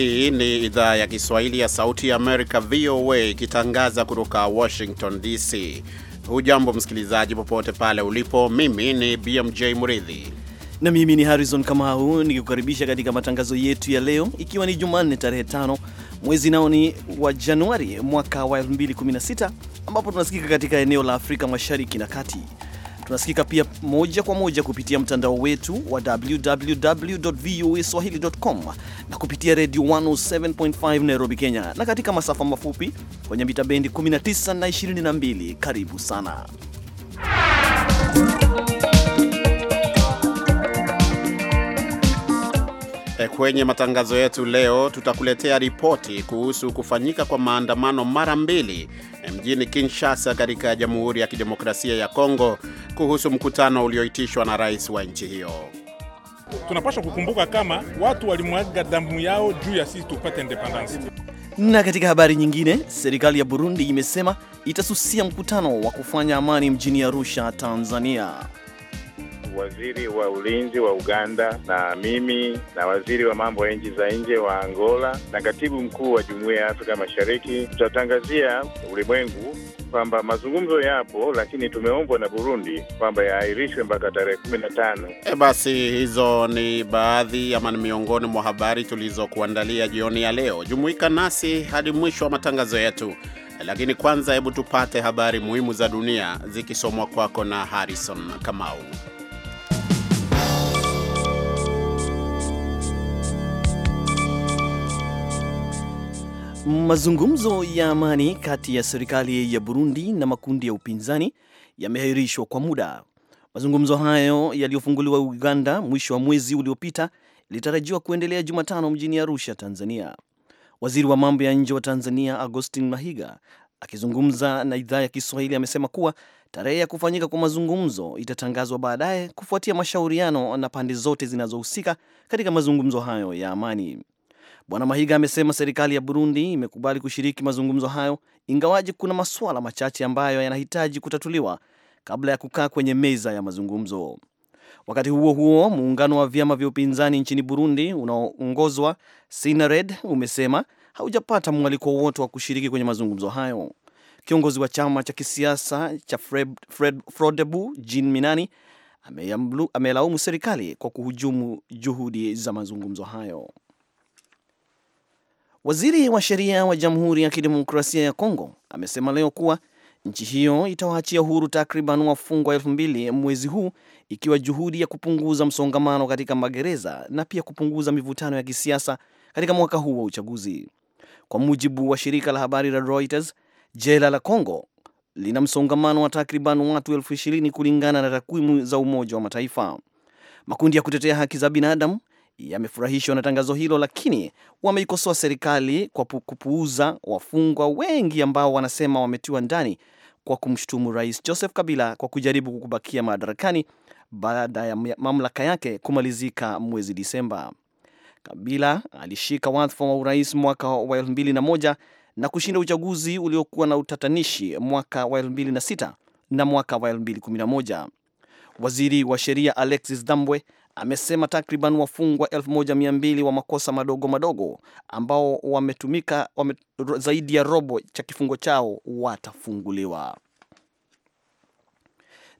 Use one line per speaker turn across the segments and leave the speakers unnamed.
Hii ni idhaa ya Kiswahili ya Sauti ya Amerika, VOA, ikitangaza kutoka Washington DC. Hujambo msikilizaji, popote pale ulipo. Mimi ni BMJ Mridhi
na mimi ni Harrison Kamau nikikukaribisha katika matangazo yetu ya leo, ikiwa ni Jumanne tarehe tano mwezi nao ni wa Januari mwaka wa 2016 ambapo tunasikika katika eneo la Afrika Mashariki na Kati Tunasikika pia moja kwa moja kupitia mtandao wetu wa www.voaswahili.com na kupitia redio 107.5 Nairobi, Kenya, na katika masafa mafupi kwenye mita bendi 19 na 22. Karibu sana
E, kwenye matangazo yetu leo tutakuletea ripoti kuhusu kufanyika kwa maandamano mara mbili e, mjini Kinshasa katika Jamhuri ya Kidemokrasia ya Kongo kuhusu mkutano ulioitishwa na rais wa nchi hiyo.
Tunapaswa kukumbuka kama watu walimwaga damu yao juu ya sisi tupate independence.
Na katika habari nyingine, serikali ya Burundi imesema itasusia mkutano wa kufanya amani mjini Arusha, Tanzania
waziri wa ulinzi wa Uganda na mimi na waziri wa mambo ya nchi za nje wa Angola na katibu mkuu wa Jumuiya ya Afrika Mashariki, tutatangazia ulimwengu kwamba mazungumzo yapo, lakini tumeombwa na Burundi kwamba yaahirishwe mpaka tarehe kumi na tano.
E, basi hizo ni baadhi ama ni miongoni mwa habari tulizokuandalia jioni ya leo. Jumuika nasi hadi mwisho wa matangazo yetu, lakini kwanza, hebu tupate habari muhimu za dunia zikisomwa kwako na Harrison Kamau.
Mazungumzo ya amani kati ya serikali ya Burundi na makundi ya upinzani yameahirishwa kwa muda. Mazungumzo hayo yaliyofunguliwa Uganda mwisho wa mwezi uliopita ilitarajiwa kuendelea Jumatano mjini Arusha, Tanzania. Waziri wa mambo ya nje wa Tanzania Augustin Mahiga akizungumza na idhaa ya Kiswahili amesema kuwa tarehe ya kufanyika kwa mazungumzo itatangazwa baadaye kufuatia mashauriano na pande zote zinazohusika katika mazungumzo hayo ya amani. Bwana Mahiga amesema serikali ya Burundi imekubali kushiriki mazungumzo hayo, ingawaje kuna masuala machache ambayo yanahitaji kutatuliwa kabla ya kukaa kwenye meza ya mazungumzo. Wakati huo huo, muungano wa vyama vya upinzani nchini Burundi unaoongozwa Sinared umesema haujapata mwaliko wowote wa kushiriki kwenye mazungumzo hayo. Kiongozi wa chama cha kisiasa cha Frodebu Jean Minani amelaumu serikali kwa kuhujumu juhudi za mazungumzo hayo. Waziri wa sheria wa Jamhuri ya Kidemokrasia ya Kongo amesema leo kuwa nchi hiyo itawaachia huru takriban wafungwa elfu mbili mwezi huu ikiwa juhudi ya kupunguza msongamano katika magereza na pia kupunguza mivutano ya kisiasa katika mwaka huu wa uchaguzi. Kwa mujibu wa shirika la habari la Reuters, jela la Congo lina msongamano wa takriban watu elfu ishirini kulingana na takwimu za Umoja wa Mataifa. Makundi ya kutetea haki za binadamu yamefurahishwa na tangazo hilo, lakini wameikosoa serikali kwa kupuuza wafungwa wengi ambao wanasema wametiwa ndani kwa kumshutumu Rais Joseph Kabila kwa kujaribu kubakia madarakani baada ya mamlaka yake kumalizika mwezi Disemba. Kabila alishika wadhifa wa urais mwaka wa 21 na kushinda uchaguzi uliokuwa na utatanishi mwaka wa 26 na mwaka wa 211 Waziri wa sheria Alexis dambwe amesema takriban wafungwa 1200 wa makosa madogo madogo ambao wametumika wame, zaidi ya robo cha kifungo chao watafunguliwa.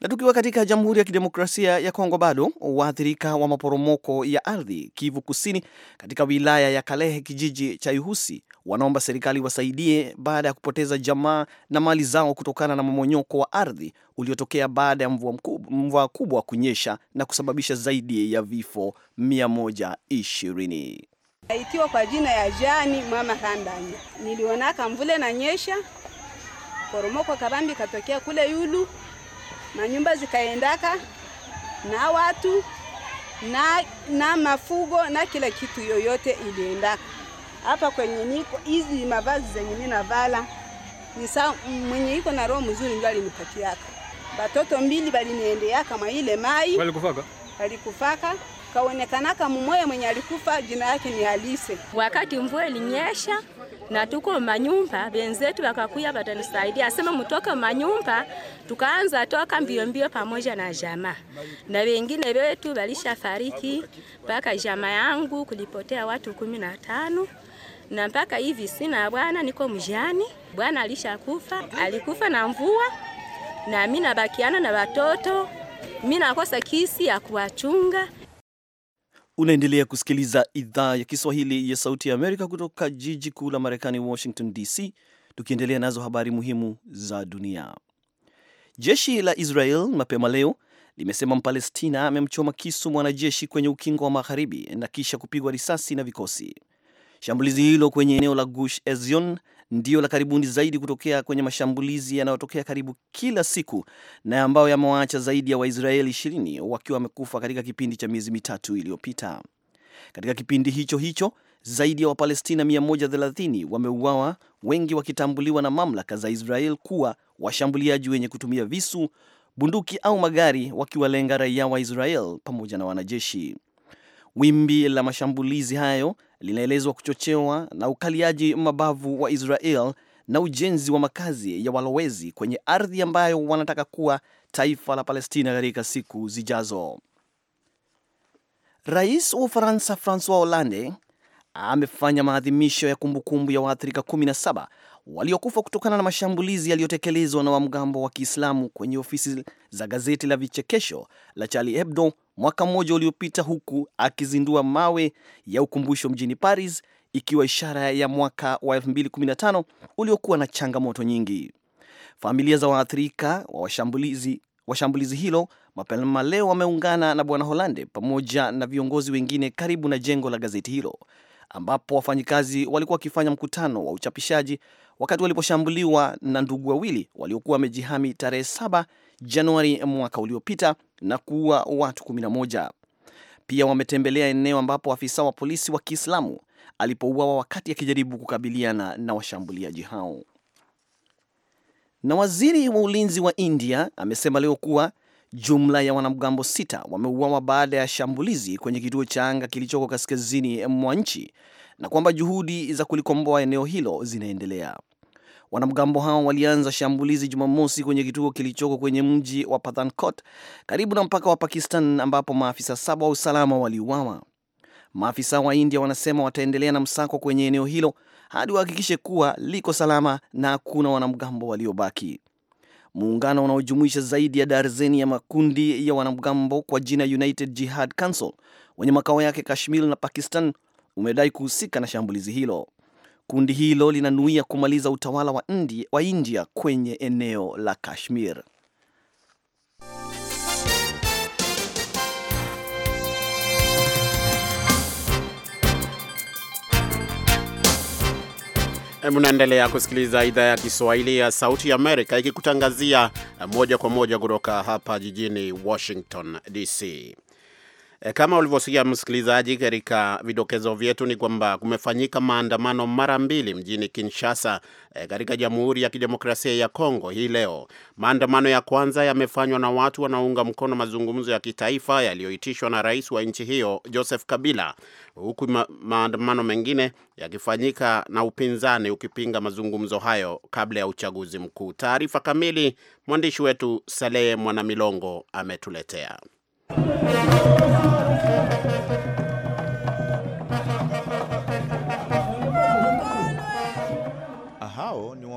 Na tukiwa katika Jamhuri ya Kidemokrasia ya Kongo, bado waathirika wa maporomoko ya ardhi Kivu Kusini, katika wilaya ya Kalehe kijiji cha Ihusi, wanaomba serikali wasaidie baada ya kupoteza jamaa na mali zao kutokana na mamonyoko wa ardhi uliotokea baada ya mvua, mvua kubwa kunyesha na kusababisha zaidi ya vifo 120.
Ikiwa kwa jina ya Jani mama Kandanya, nilionaka mvule na nyesha poromoko kabambi katokea kule yulu na nyumba zikaendaka na watu na, na mafugo na kila kitu yoyote iliendaka hapa kwenye niko. Hizi mavazi zenye mimi navala ni saa mwenye iko na roho mzuri ndio alinipatiaka. Batoto mbili baliniendeaka mwa ile mai walikufaka, walikufaka kaonekanaka mumoya mwenye alikufa jina yake ni alise wakati mvua ilinyesha na tuko manyumba, benzetu wakakuya watanisaidia, asema mtoke manyumba. Tukaanza toka mbio mbio pamoja na jama na wengine wetu walisha fariki, mpaka jama yangu kulipotea watu kumi na tano na mpaka hivi sina bwana, niko mjani. Bwana alishakufa, alikufa na mvua, na mimi nabakiana na watoto, mimi nakosa kisi ya kuwachunga.
Unaendelea kusikiliza idhaa ya Kiswahili ya Sauti ya Amerika kutoka jiji kuu la Marekani, Washington DC, tukiendelea nazo habari muhimu za dunia. Jeshi la Israel mapema leo limesema Mpalestina amemchoma kisu mwanajeshi kwenye ukingo wa Magharibi na kisha kupigwa risasi na vikosi. Shambulizi hilo kwenye eneo la Gush Ezion ndio la karibuni zaidi kutokea kwenye mashambulizi yanayotokea karibu kila siku na ambayo yamewaacha zaidi ya Waisraeli ishirini wakiwa wamekufa katika kipindi cha miezi mitatu iliyopita. Katika kipindi hicho hicho zaidi ya Wapalestina 130 wameuawa, wengi wakitambuliwa na mamlaka za Israel kuwa washambuliaji wenye kutumia visu, bunduki au magari wakiwalenga raia wa Israel pamoja na wanajeshi. Wimbi la mashambulizi hayo linaelezwa kuchochewa na ukaliaji mabavu wa Israel na ujenzi wa makazi ya walowezi kwenye ardhi ambayo wanataka kuwa taifa la Palestina katika siku zijazo. Rais wa Ufaransa Francois Hollande amefanya maadhimisho ya kumbukumbu ya waathirika 17 waliokufa kutokana na mashambulizi yaliyotekelezwa na wamgambo wa Kiislamu kwenye ofisi za gazeti la vichekesho la Charlie Hebdo mwaka mmoja uliopita, huku akizindua mawe ya ukumbusho mjini Paris, ikiwa ishara ya mwaka wa 2015 uliokuwa na changamoto nyingi. Familia za waathirika wa washambulizi wa shambulizi hilo mapema leo wameungana na Bwana Holande pamoja na viongozi wengine karibu na jengo la gazeti hilo ambapo wafanyikazi walikuwa wakifanya mkutano wa uchapishaji wakati waliposhambuliwa na ndugu wawili waliokuwa wamejihami tarehe 7 Januari mwaka uliopita na kuua watu 11. Pia wametembelea eneo ambapo afisa wa polisi wa Kiislamu alipouawa wakati akijaribu kukabiliana na washambuliaji hao. Na waziri wa ulinzi wa India amesema leo kuwa jumla ya wanamgambo sita wameuawa baada ya shambulizi kwenye kituo cha anga kilichoko kaskazini mwa nchi na kwamba juhudi za kulikomboa eneo hilo zinaendelea. Wanamgambo hao walianza shambulizi Jumamosi kwenye kituo kilichoko kwenye mji wa Pathankot karibu na mpaka wa Pakistan, ambapo maafisa saba wa usalama waliuawa. Maafisa wa India wanasema wataendelea na msako kwenye eneo hilo hadi wahakikishe kuwa liko salama na hakuna wanamgambo waliobaki. Muungano unaojumuisha zaidi ya darzeni ya makundi ya wanamgambo kwa jina United Jihad Council wenye makao yake Kashmir na Pakistan umedai kuhusika na shambulizi hilo. Kundi hilo linanuia kumaliza utawala wa India, wa India kwenye eneo la Kashmir.
Mnaendelea kusikiliza idhaa ya Kiswahili ya Sauti ya Amerika ikikutangazia moja kwa moja kutoka hapa jijini Washington DC. E, kama ulivyosikia msikilizaji, katika vidokezo vyetu ni kwamba kumefanyika maandamano mara mbili mjini Kinshasa e, katika Jamhuri ya Kidemokrasia ya Kongo hii leo. Maandamano ya kwanza yamefanywa na watu wanaounga mkono mazungumzo ya kitaifa yaliyoitishwa na rais wa nchi hiyo Joseph Kabila, huku ma maandamano mengine yakifanyika na upinzani ukipinga mazungumzo hayo kabla ya uchaguzi mkuu. Taarifa kamili mwandishi wetu Salehe Mwanamilongo ametuletea.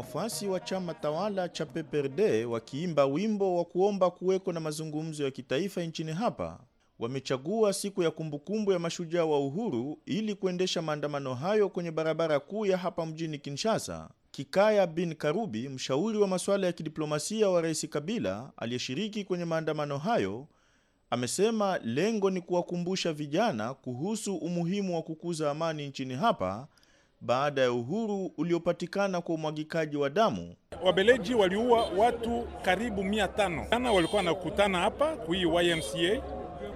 wafuasi wa chama tawala cha PPRD wakiimba wimbo wa kuomba kuweko na mazungumzo ya kitaifa nchini hapa wamechagua siku ya kumbukumbu ya mashujaa wa uhuru ili kuendesha maandamano hayo kwenye barabara kuu ya hapa mjini Kinshasa. Kikaya bin Karubi, mshauri wa masuala ya kidiplomasia wa Rais Kabila aliyeshiriki kwenye maandamano hayo, amesema lengo ni kuwakumbusha vijana kuhusu umuhimu wa kukuza amani nchini hapa baada ya uhuru uliopatikana kwa
umwagikaji wa damu. Wabeleji waliua watu karibu mia tano ana walikuwa wanakutana hapa kuhii YMCA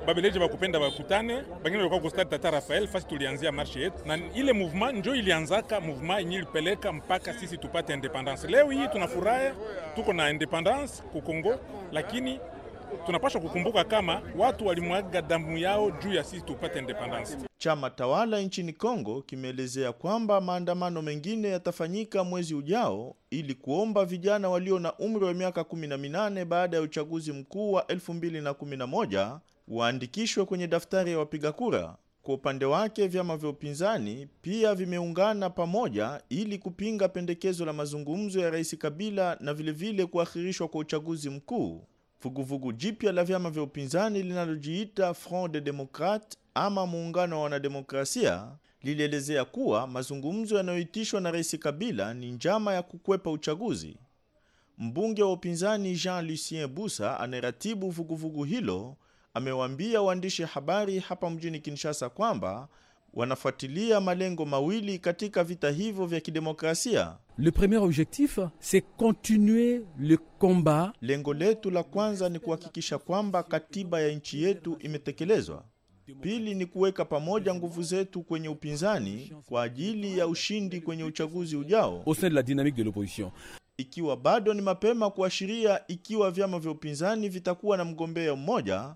Babeleji bakupenda bakutane, bangine walikuwa ku Tata Rafael fasi tulianzia marshe yetu, na ile movement njo ilianzaka movement yenye ilipeleka mpaka sisi tupate independence. Leo hii tunafurahi tuko na independence ku Kongo, lakini tunapaswa kukumbuka kama watu walimwaga damu yao juu ya sisi tupate independence.
Chama tawala nchini Kongo kimeelezea kwamba maandamano mengine yatafanyika mwezi ujao ili kuomba vijana walio na umri wa miaka 18 baada ya uchaguzi mkuu wa 2011 waandikishwe kwenye daftari ya wapiga kura. Kwa upande wake, vyama vya upinzani pia vimeungana pamoja ili kupinga pendekezo la mazungumzo ya Rais Kabila na vilevile kuahirishwa kwa uchaguzi mkuu vuguvugu jipya la vyama vya upinzani linalojiita Front de Democrate ama muungano wa wanademokrasia lilielezea kuwa mazungumzo yanayoitishwa na Rais Kabila ni njama ya kukwepa uchaguzi. Mbunge wa upinzani Jean Lucien Busa anayeratibu vuguvugu hilo amewaambia waandishi habari hapa mjini Kinshasa kwamba wanafuatilia malengo mawili katika vita hivyo vya kidemokrasia. Le premier objectif c'est continuer le combat. Lengo letu la kwanza ni kuhakikisha kwamba katiba ya nchi yetu imetekelezwa. Pili ni kuweka pamoja nguvu zetu kwenye upinzani kwa ajili ya ushindi kwenye uchaguzi ujao. Au sein de la dynamique de l'opposition. Ikiwa bado ni mapema kuashiria ikiwa vyama vya upinzani vitakuwa na mgombea mmoja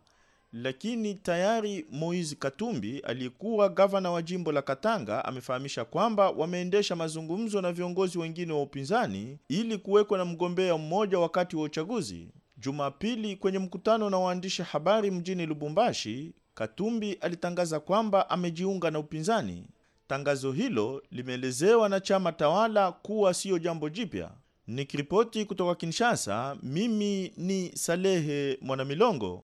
lakini tayari Moise Katumbi aliyekuwa gavana wa jimbo la Katanga amefahamisha kwamba wameendesha mazungumzo na viongozi wengine wa upinzani ili kuwekwa na mgombea mmoja wakati wa uchaguzi. Jumapili kwenye mkutano na waandishi habari mjini Lubumbashi, Katumbi alitangaza kwamba amejiunga na upinzani. Tangazo hilo limeelezewa na chama tawala kuwa siyo jambo jipya. Nikiripoti kutoka Kinshasa, mimi ni Salehe Mwanamilongo.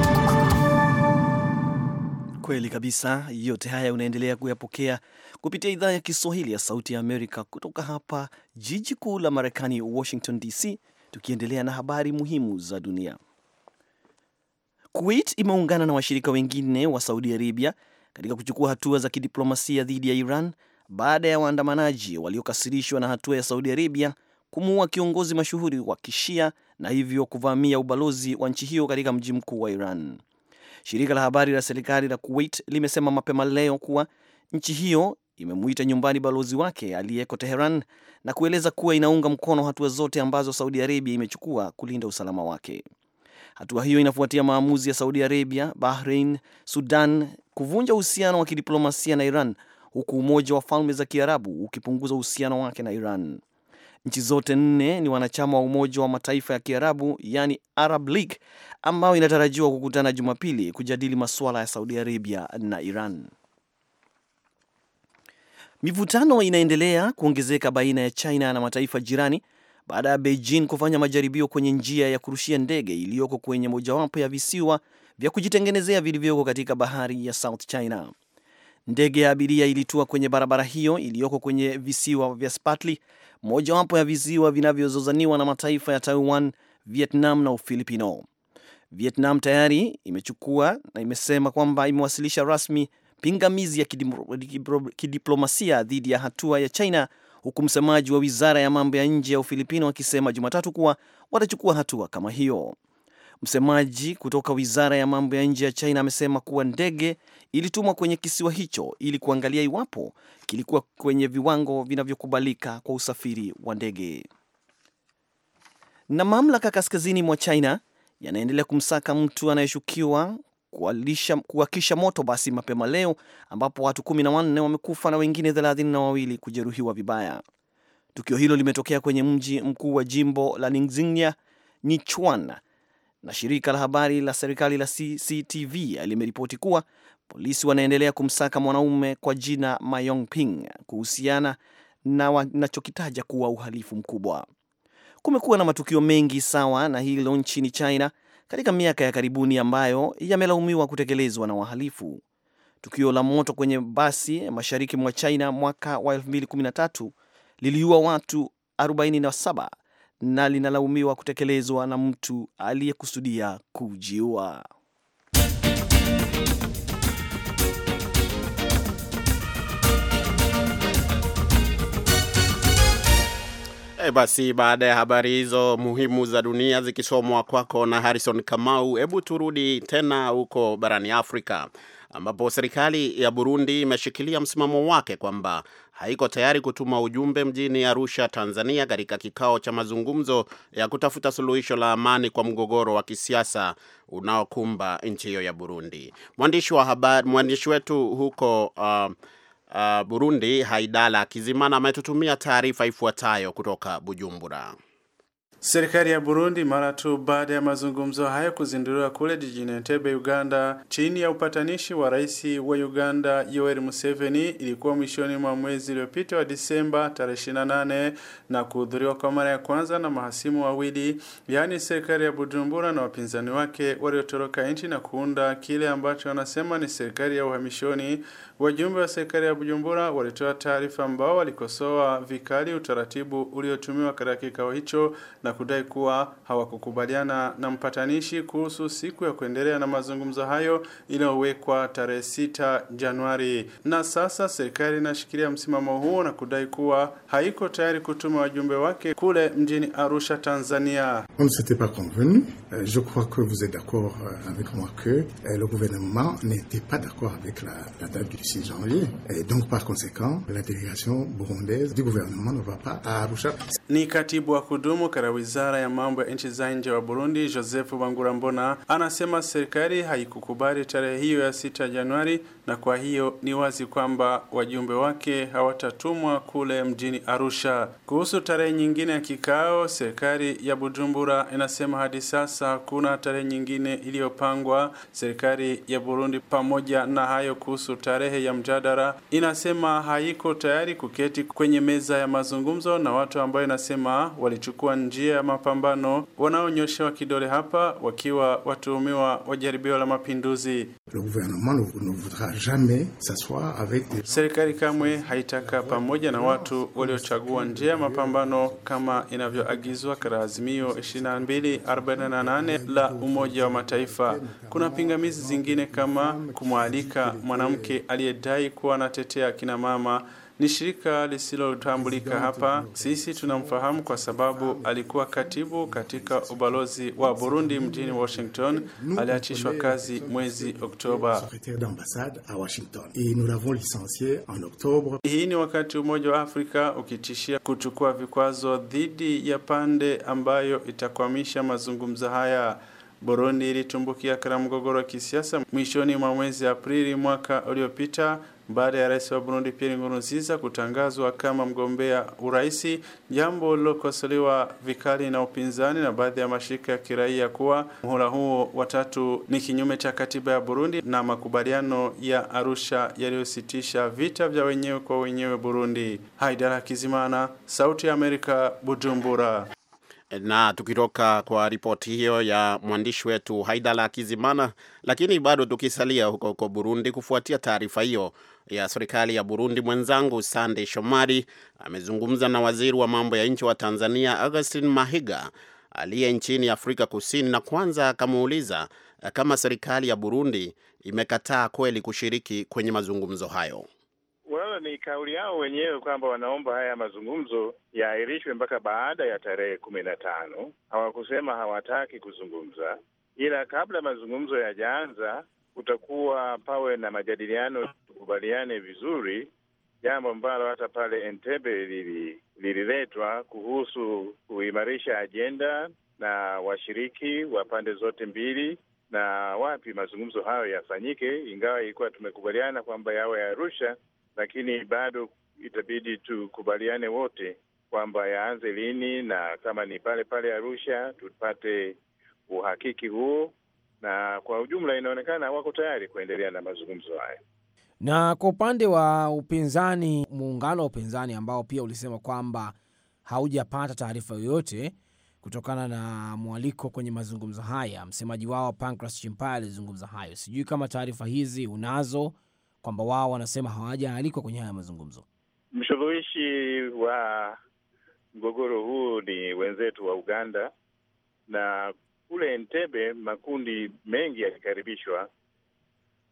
Kweli kabisa, yote haya unaendelea kuyapokea kupitia idhaa ya Kiswahili ya Sauti ya Amerika kutoka hapa jiji kuu la Marekani, Washington DC, tukiendelea na habari muhimu za dunia. Kuwait imeungana na washirika wengine wa Saudi Arabia katika kuchukua hatua za kidiplomasia dhidi ya Iran baada ya waandamanaji waliokasirishwa na hatua ya Saudi Arabia kumuua kiongozi mashuhuri wa Kishia na hivyo kuvamia ubalozi wa nchi hiyo katika mji mkuu wa Iran. Shirika la habari la serikali la Kuwait limesema mapema leo kuwa nchi hiyo imemuita nyumbani balozi wake aliyeko Teheran na kueleza kuwa inaunga mkono hatua zote ambazo Saudi Arabia imechukua kulinda usalama wake. Hatua hiyo inafuatia maamuzi ya Saudi Arabia, Bahrain, Sudan kuvunja uhusiano wa kidiplomasia na Iran, huku Umoja wa Falme za Kiarabu ukipunguza uhusiano wake na Iran. Nchi zote nne ni wanachama wa Umoja wa Mataifa ya Kiarabu, yani Arab League, ambayo inatarajiwa kukutana Jumapili kujadili masuala ya Saudi Arabia na Iran. Mivutano inaendelea kuongezeka baina ya China na mataifa jirani baada ya Beijing kufanya majaribio kwenye njia ya kurushia ndege iliyoko kwenye mojawapo ya visiwa vya kujitengenezea vilivyoko katika bahari ya South China. Ndege ya abiria ilitua kwenye barabara hiyo iliyoko kwenye visiwa vya Spratly mojawapo ya visiwa vinavyozozaniwa na mataifa ya Taiwan, Vietnam na Ufilipino. Vietnam tayari imechukua na imesema kwamba imewasilisha rasmi pingamizi ya kidiplomasia dhidi ya hatua ya China, huku msemaji wa wizara ya mambo ya nje ya Ufilipino akisema Jumatatu kuwa watachukua hatua kama hiyo. Msemaji kutoka wizara ya mambo ya nje ya China amesema kuwa ndege ilitumwa kwenye kisiwa hicho ili kuangalia iwapo kilikuwa kwenye viwango vinavyokubalika kwa usafiri wa ndege. Na mamlaka kaskazini mwa China yanaendelea kumsaka mtu anayeshukiwa kuakisha moto basi mapema leo ambapo watu kumi na wanne wamekufa na wengine thelathini na wawili kujeruhiwa vibaya. Tukio hilo limetokea kwenye mji mkuu wa jimbo la Ningxia, Nichuan, na shirika la habari la serikali la CCTV limeripoti kuwa Polisi wanaendelea kumsaka mwanaume kwa jina Mayong Ping kuhusiana na wanachokitaja kuwa uhalifu mkubwa. Kumekuwa na matukio mengi sawa na hilo nchini China katika miaka ya karibuni ambayo yamelaumiwa kutekelezwa na wahalifu. Tukio la moto kwenye basi mashariki mwa China mwaka wa 2013 liliua watu 47 na linalaumiwa kutekelezwa na mtu aliyekusudia kujiua.
E, basi baada ya habari hizo muhimu za dunia zikisomwa kwako na Harrison Kamau, hebu turudi tena huko barani Afrika ambapo serikali ya Burundi imeshikilia msimamo wake kwamba haiko tayari kutuma ujumbe mjini Arusha, Tanzania, katika kikao cha mazungumzo ya kutafuta suluhisho la amani kwa mgogoro wa kisiasa unaokumba nchi hiyo ya Burundi. Mwandishi wa habari, mwandishi wetu huko uh, uh, Burundi, Haidala Kizimana ametutumia taarifa ifuatayo kutoka Bujumbura.
Serikali ya Burundi mara tu baada ya mazungumzo hayo kuzinduliwa kule jijini Entebbe, Uganda, chini ya upatanishi wa rais wa Uganda Yoweri Museveni, ilikuwa mwishoni mwa mwezi uliopita wa Disemba tarehe 28 na kuhudhuriwa kwa mara ya kwanza na mahasimu wawili, yaani serikali ya Bujumbura na wapinzani wake waliotoroka nchi na kuunda kile ambacho wanasema ni serikali ya uhamishoni Wajumbe wa serikali ya Bujumbura walitoa taarifa ambao walikosoa vikali utaratibu uliotumiwa katika kikao hicho na kudai kuwa hawakukubaliana na mpatanishi kuhusu siku ya kuendelea na mazungumzo hayo iliyowekwa tarehe 6 Januari. Na sasa serikali inashikilia msimamo huo na kudai kuwa haiko tayari kutuma wajumbe wake kule mjini Arusha,
Tanzania. On ne s'était pas convenu. Euh, je crois que vous êtes d'accord euh, avec moi que euh, le gouvernement n'était pas d'accord avec la, la date du 6 janvier. Et donc par conséquent, la délégation burundaise du gouvernement ne va pas à
Arusha. Ni katibu wa kudumu katika wizara ya mambo ya nchi za nje wa Burundi, Joseph Bangurambona, anasema serikali haikukubali tarehe hiyo ya 6 Januari, na kwa hiyo ni wazi kwamba wajumbe wake hawatatumwa kule mjini Arusha. Kuhusu tarehe nyingine ya kikao, serikali ya Bujumbura inasema hadi sasa kuna tarehe nyingine iliyopangwa. Serikali ya Burundi pamoja na hayo kuhusu tarehe ya mjadala inasema haiko tayari kuketi kwenye meza ya mazungumzo na watu ambao inasema walichukua njia ya mapambano, wanaonyoshewa kidole hapa wakiwa watuhumiwa wa jaribio la mapinduzi. Serikali kamwe haitaka pamoja na watu waliochagua njia ya mapambano kama inavyoagizwa katika azimio 2248 la Umoja wa Mataifa. Kuna pingamizi zingine kama kumwalika mwanamke ali aliyedai kuwa anatetea akina mama ni shirika lisilotambulika hapa. Sisi tunamfahamu kwa sababu alikuwa katibu katika ubalozi wa Burundi mjini Washington, aliachishwa kazi mwezi Oktoba. Hii ni wakati Umoja wa Afrika ukitishia kuchukua vikwazo dhidi ya pande ambayo itakwamisha mazungumzo haya. Burundi ilitumbukia katika mgogoro wa kisiasa mwishoni mwa mwezi Aprili mwaka uliopita baada ya rais wa Burundi Pierre Nkurunziza kutangazwa kama mgombea uraisi, jambo lilokosolewa vikali na upinzani na baadhi ya mashirika ya kiraia kuwa muhula huo watatu ni kinyume cha katiba ya Burundi na makubaliano ya Arusha yaliyositisha vita vya wenyewe kwa wenyewe Burundi. Haidara Kizimana, Sauti ya Amerika, Bujumbura na
tukitoka kwa ripoti hiyo ya mwandishi wetu Haidala Kizimana, lakini bado tukisalia huko huko Burundi, kufuatia taarifa hiyo ya serikali ya Burundi, mwenzangu Sandey Shomari amezungumza na waziri wa mambo ya nje wa Tanzania Augustin Mahiga aliye nchini Afrika Kusini, na kwanza akamuuliza eh, kama serikali ya Burundi imekataa kweli kushiriki kwenye mazungumzo hayo
suala ni kauli yao wenyewe kwamba wanaomba haya mazungumzo yaahirishwe mpaka baada ya tarehe kumi na tano. Hawakusema hawataki kuzungumza, ila kabla mazungumzo yajaanza kutakuwa pawe na majadiliano, tukubaliane vizuri, jambo ambalo hata pale Entebbe lililetwa kuhusu kuimarisha ajenda na washiriki wa pande zote mbili na wapi mazungumzo hayo yafanyike, ingawa ilikuwa tumekubaliana kwamba yawe ya Arusha, lakini bado itabidi tukubaliane wote kwamba yaanze lini, na kama ni pale pale Arusha tupate uhakiki huo, na kwa ujumla inaonekana wako tayari kuendelea na mazungumzo haya.
Na kwa upande wa upinzani, muungano wa upinzani ambao pia ulisema kwamba haujapata taarifa yoyote kutokana na mwaliko kwenye mazungumzo haya, msemaji wao Pancras chimpa alizungumza hayo. Sijui kama taarifa hizi unazo kwamba wao wanasema hawajaalikwa kwenye haya mazungumzo.
Msuluhishi wa mgogoro huu ni wenzetu wa Uganda, na kule Entebbe makundi mengi yalikaribishwa,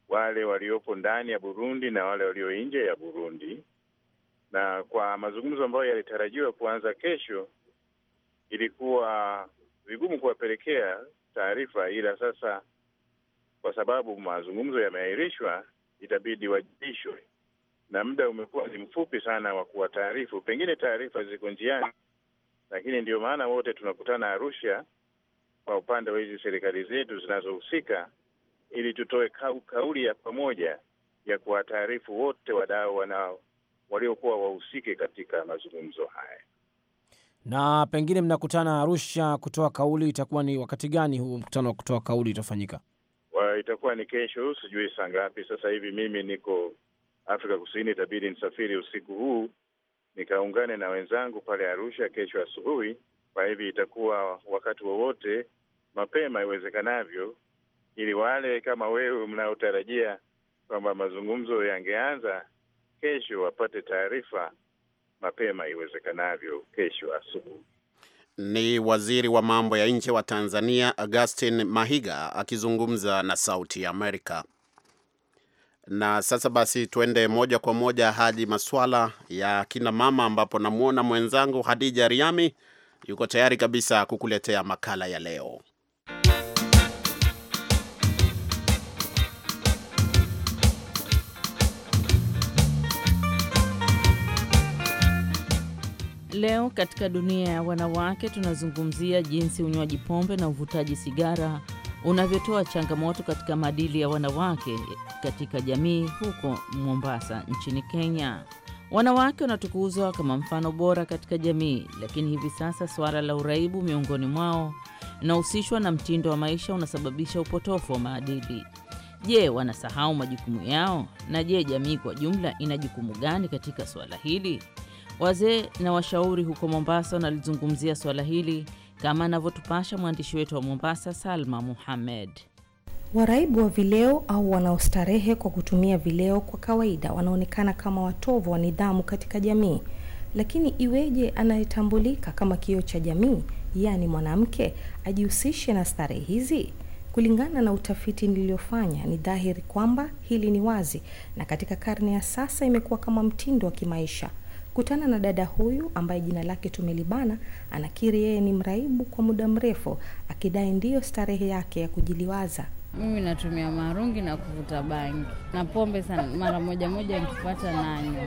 wale waliopo ndani ya Burundi na wale walio nje ya Burundi, na kwa mazungumzo ambayo yalitarajiwa kuanza kesho, ilikuwa vigumu kuwapelekea taarifa, ila sasa kwa sababu mazungumzo yameahirishwa itabidi wajibishwe na muda umekuwa ni mfupi sana wa kuwataarifu. Pengine taarifa ziko njiani, lakini ndio maana wote tunakutana Arusha kwa upande wa hizi serikali zetu zinazohusika, ili tutoe kauli ya pamoja ya kuwataarifu wote wadau wanao waliokuwa wahusike katika mazungumzo haya.
Na pengine mnakutana Arusha kutoa kauli, itakuwa ni wakati gani huu mkutano wa kutoa kauli utafanyika?
itakuwa ni kesho, sijui saa ngapi. Sasa hivi mimi niko Afrika Kusini, itabidi nisafiri usiku huu nikaungane na wenzangu pale Arusha kesho asubuhi. Kwa hivi itakuwa wakati wowote mapema iwezekanavyo, ili wale kama wewe mnaotarajia kwamba mazungumzo yangeanza kesho wapate taarifa mapema iwezekanavyo kesho asubuhi.
Ni waziri wa mambo ya nje wa Tanzania Augustin Mahiga akizungumza na Sauti ya Amerika. Na sasa basi tuende moja kwa moja hadi masuala ya kina mama ambapo namwona mwenzangu Hadija Riami yuko tayari kabisa kukuletea makala ya leo.
Leo katika dunia ya wanawake tunazungumzia jinsi unywaji pombe na uvutaji sigara unavyotoa changamoto katika maadili ya wanawake katika jamii huko Mombasa nchini Kenya. Wanawake wanatukuzwa kama mfano bora katika jamii, lakini hivi sasa suala la uraibu miongoni mwao inahusishwa na mtindo wa maisha unasababisha upotofu wa maadili. Je, wanasahau majukumu yao? Na je, jamii kwa jumla ina jukumu gani katika suala hili? Wazee na washauri huko Mombasa wanalizungumzia suala hili kama anavyotupasha mwandishi wetu wa Mombasa, Salma Muhammed. Waraibu wa vileo au wanaostarehe kwa kutumia vileo kwa kawaida wanaonekana kama watovu wa nidhamu katika jamii, lakini iweje anayetambulika kama kioo cha jamii, yaani mwanamke, ajihusishe na starehe hizi? Kulingana na utafiti niliyofanya, ni dhahiri kwamba hili ni wazi, na katika karne ya sasa imekuwa kama mtindo wa kimaisha Kutana na dada huyu ambaye jina lake tumelibana, anakiri yeye ni mraibu kwa muda mrefu, akidai ndiyo starehe yake ya kujiliwaza. Mimi natumia marungi na
kuvuta bangi na pombe sana, mara moja moja nikipata nanywa,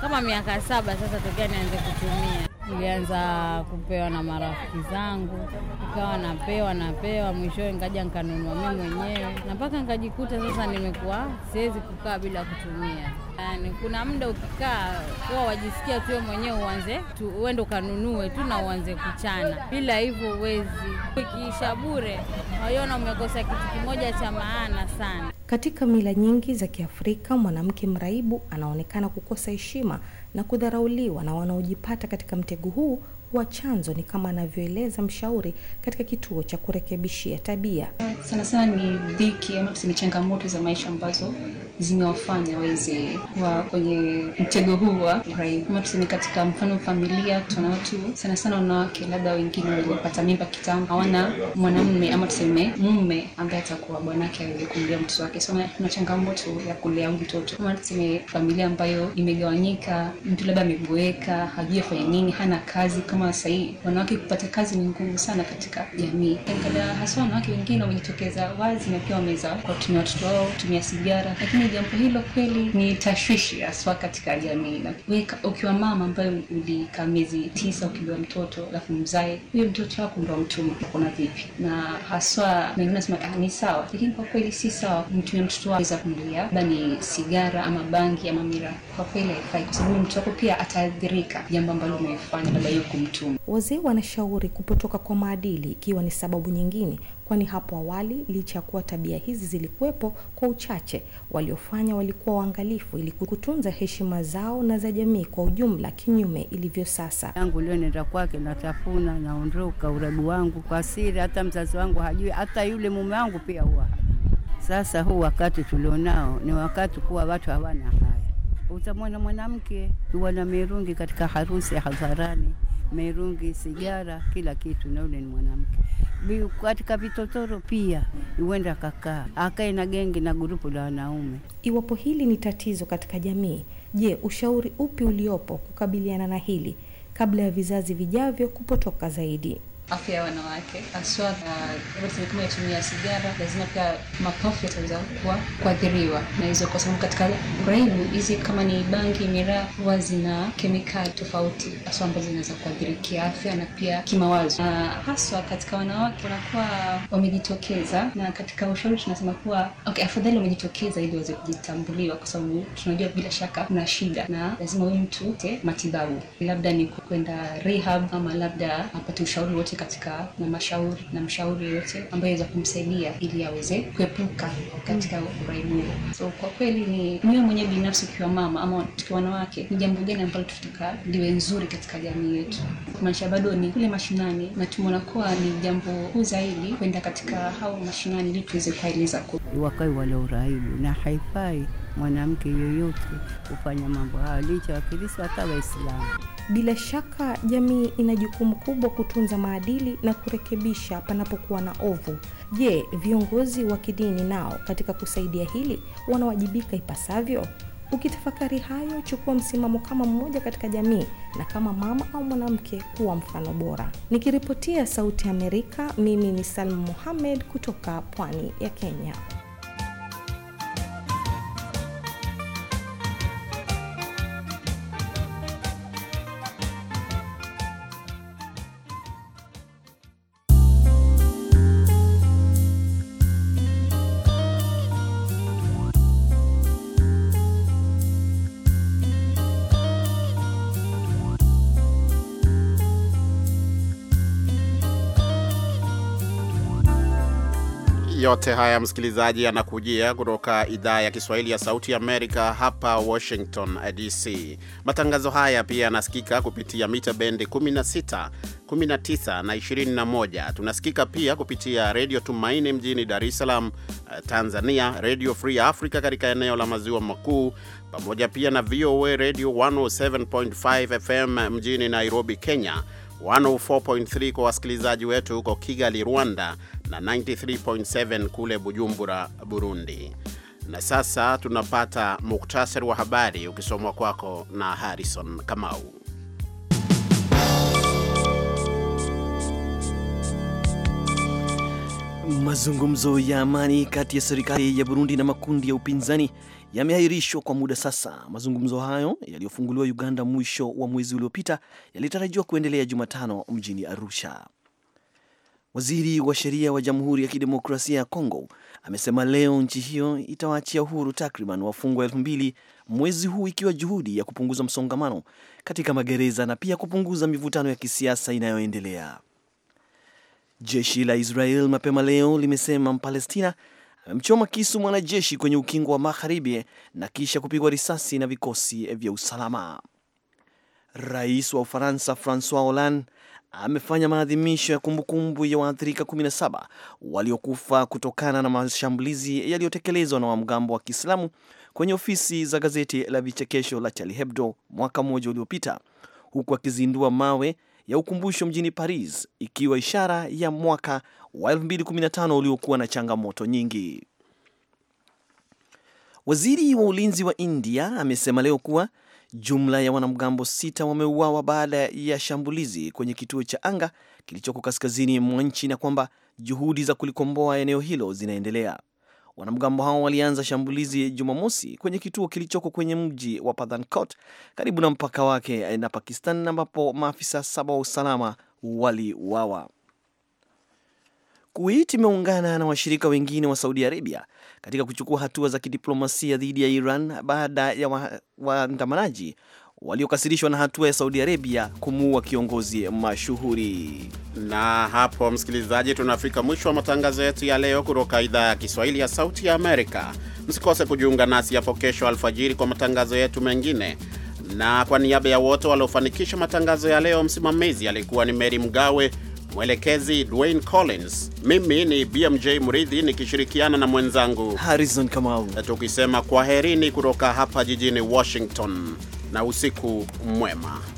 kama miaka saba sasa tokea nianze kutumia Nilianza kupewa na marafiki zangu, nikawa napewa napewa, mwishowe nkaja nkanunua mimi mwenyewe, na mpaka nkajikuta sasa nimekuwa siwezi kukaa bila kutumia. Yani, kuna muda ukikaa huwa wajisikia tuwe mwenyewe uanze tu, uende ukanunue tu na uanze kuchana, bila hivyo uwezi ikiisha bure, waiona umekosa kitu kimoja cha maana sana.
Katika mila nyingi za Kiafrika, mwanamke mraibu anaonekana kukosa heshima na kudharauliwa, na wanaojipata katika mtego huu kuwa chanzo ni kama anavyoeleza mshauri katika kituo cha kurekebishia tabia. Sana sana ni dhiki ama tuseme changamoto za
maisha ambazo zimewafanya waweze kuwa kwenye mtego huu wa urai, Kama tuseme katika mfano familia, tuna watu sana sana wanawake, labda wengine waliopata mimba kitambo, hawana mwanamume ama tuseme mume ambaye atakuwa bwanake aweze kumlea mtoto wake. So kuna changamoto ya kulea mtoto, kama tuseme familia ambayo imegawanyika, mtu labda ameboeka, hajui afanye nini, hana kazi kama kama sasa wanawake kupata kazi ni ngumu sana katika jamii. Angalia hasa wanawake wengine wamejitokeza wazi na pia wameweza kuwatumia watoto wao kutumia sigara, lakini jambo hilo kweli ni tashwishi haswa katika jamii. Na ukiwa mama ambaye ulikaa miezi tisa ukibeba mtoto alafu mzae huyo mtoto wako ndo mtumwa, kuna vipi? Na haswa wengine nasema ah, ni sawa, lakini kwa kweli si sawa kumtumia mtoto wako weza kumlia labda ni sigara ama bangi ama miraa kwa kweli haifaiti, sababu mtu wako pia ataathirika, jambo ambalo umeifanya badala hiyo
kumtuma. Wazee wanashauri kupotoka kwa maadili ikiwa ni sababu nyingine, kwani hapo awali licha ya kuwa tabia hizi zilikuwepo kwa uchache, waliofanya walikuwa waangalifu ili kutunza heshima zao na za jamii kwa ujumla, kinyume ilivyo sasa. yangu leo nenda kwake, natafuna, naondoka urabu wangu kwa siri, hata mzazi wangu hajui, hata yule mume wangu pia huwa sasa huu wakati tulionao ni wakati kuwa watu hawana utamwona mwanamke na merungi katika harusi ya hadharani, merungi sigara, kila kitu, na yule ni mwanamke. Katika vitotoro pia huenda akakaa akae na gengi na gurupu la wanaume. Iwapo hili ni tatizo katika jamii, je, ushauri upi uliopo kukabiliana na hili kabla ya vizazi vijavyo kupotoka zaidi?
afya ya wanawake haswa, uh, kama yatumia sigara, lazima pia mapafu yataweza kuwa kuathiriwa na hizo, kwa sababu katika uraibu hizi kama ni bangi, miraa huwa zina kemikali tofauti haswa ambazo zinaweza kuathiri kiafya na pia kimawazo, na haswa katika wanawake wanakuwa wamejitokeza. Na katika ushauri tunasema kuwa okay, afadhali wamejitokeza ili waweze kujitambuliwa, kwa sababu tunajua bila shaka kuna shida na lazima huyu mtu te matibabu, labda ni kwenda rehab ama labda apate ushauri wote yoyote katika mashauri na mshauri yoyote ambayo aweza kumsaidia ili aweze kuepuka katika uraibu huo. So kwa kweli ni mimi mwenyewe binafsi, ukiwa mama ama tukiwa wanawake, ni jambo gani ambalo tunataka liwe nzuri katika jamii yetu? Maisha bado ni kule mashinani, na tumeona kuwa ni jambo kuu zaidi kwenda katika
hao mashinani ili tuweze kuwaeleza wakae wala uraibu na haifai mwanamke yoyote kufanya mambo hayo, licha Wakristo hata Waislamu. Bila shaka jamii ina jukumu kubwa kutunza maadili na kurekebisha panapokuwa na ovu. Je, viongozi wa kidini nao katika kusaidia hili wanawajibika ipasavyo? Ukitafakari hayo, chukua msimamo kama mmoja katika jamii na kama mama au mwanamke kuwa mfano bora. Nikiripotia Sauti ya Amerika, mimi ni Salma muhammed kutoka pwani ya Kenya.
Yote haya msikilizaji, yanakujia kutoka idhaa ya Kiswahili ya Sauti Amerika hapa Washington DC. Matangazo haya pia yanasikika kupitia mita bendi 16, 19 na 21. Tunasikika pia kupitia Redio Tumaini mjini Dar es Salaam, eh, Tanzania, Redio Free Africa katika eneo la maziwa makuu, pamoja pia na VOA Redio 107.5 FM mjini Nairobi, Kenya 104.3 kwa wasikilizaji wetu huko Kigali, Rwanda na 93.7 kule Bujumbura, Burundi. Na sasa tunapata muktasari wa habari ukisomwa kwako na Harrison Kamau.
Mazungumzo ya amani kati ya serikali ya Burundi na makundi ya upinzani yameahirishwa kwa muda sasa. Mazungumzo hayo yaliyofunguliwa Uganda mwisho wa mwezi uliopita yalitarajiwa kuendelea Jumatano mjini Arusha. Waziri wa sheria wa Jamhuri ya Kidemokrasia ya Kongo amesema leo nchi hiyo itawaachia huru takriban wafungwa elfu mbili mwezi huu ikiwa juhudi ya kupunguza msongamano katika magereza na pia kupunguza mivutano ya kisiasa inayoendelea. Jeshi la Israel mapema leo limesema Mpalestina mchoma kisu mwanajeshi kwenye ukingo wa magharibi na kisha kupigwa risasi na vikosi vya usalama. Rais wa Ufaransa Francois Hollande amefanya maadhimisho ya kumbukumbu ya waathirika 17 waliokufa kutokana na mashambulizi yaliyotekelezwa na wamgambo wa Kiislamu kwenye ofisi za gazeti la vichekesho la Charlie Hebdo mwaka mmoja uliopita, huku akizindua mawe ya ukumbusho mjini Paris ikiwa ishara ya mwaka wa 2015 uliokuwa na changamoto nyingi. Waziri wa ulinzi wa India amesema leo kuwa jumla ya wanamgambo sita wameuawa baada ya shambulizi kwenye kituo cha anga kilichoko kaskazini mwa nchi na kwamba juhudi za kulikomboa eneo hilo zinaendelea. Wanamgambo hao walianza shambulizi Jumamosi kwenye kituo kilichoko kwenye mji wa Pathankot karibu na mpaka wake eh, na Pakistan, ambapo maafisa saba wa usalama waliuawa. Kuwait imeungana na washirika wengine wa Saudi Arabia katika kuchukua hatua za kidiplomasia dhidi ya Iran baada ya waandamanaji wa waliokasirishwa na hatua ya Saudi Arabia kumuua kiongozi mashuhuri. Na hapo,
msikilizaji, tunafika mwisho wa matangazo yetu ya leo kutoka idhaa ya Kiswahili ya Sauti ya Amerika. Msikose kujiunga nasi hapo kesho alfajiri kwa matangazo yetu mengine na kwa niaba ya wote waliofanikisha matangazo ya leo, msimamizi alikuwa ni Meri Mgawe, mwelekezi Dwayne Collins. Mimi ni BMJ Mridhi nikishirikiana na mwenzangu
Harrison Kamau,
tukisema kwaherini kutoka hapa jijini Washington na usiku mwema.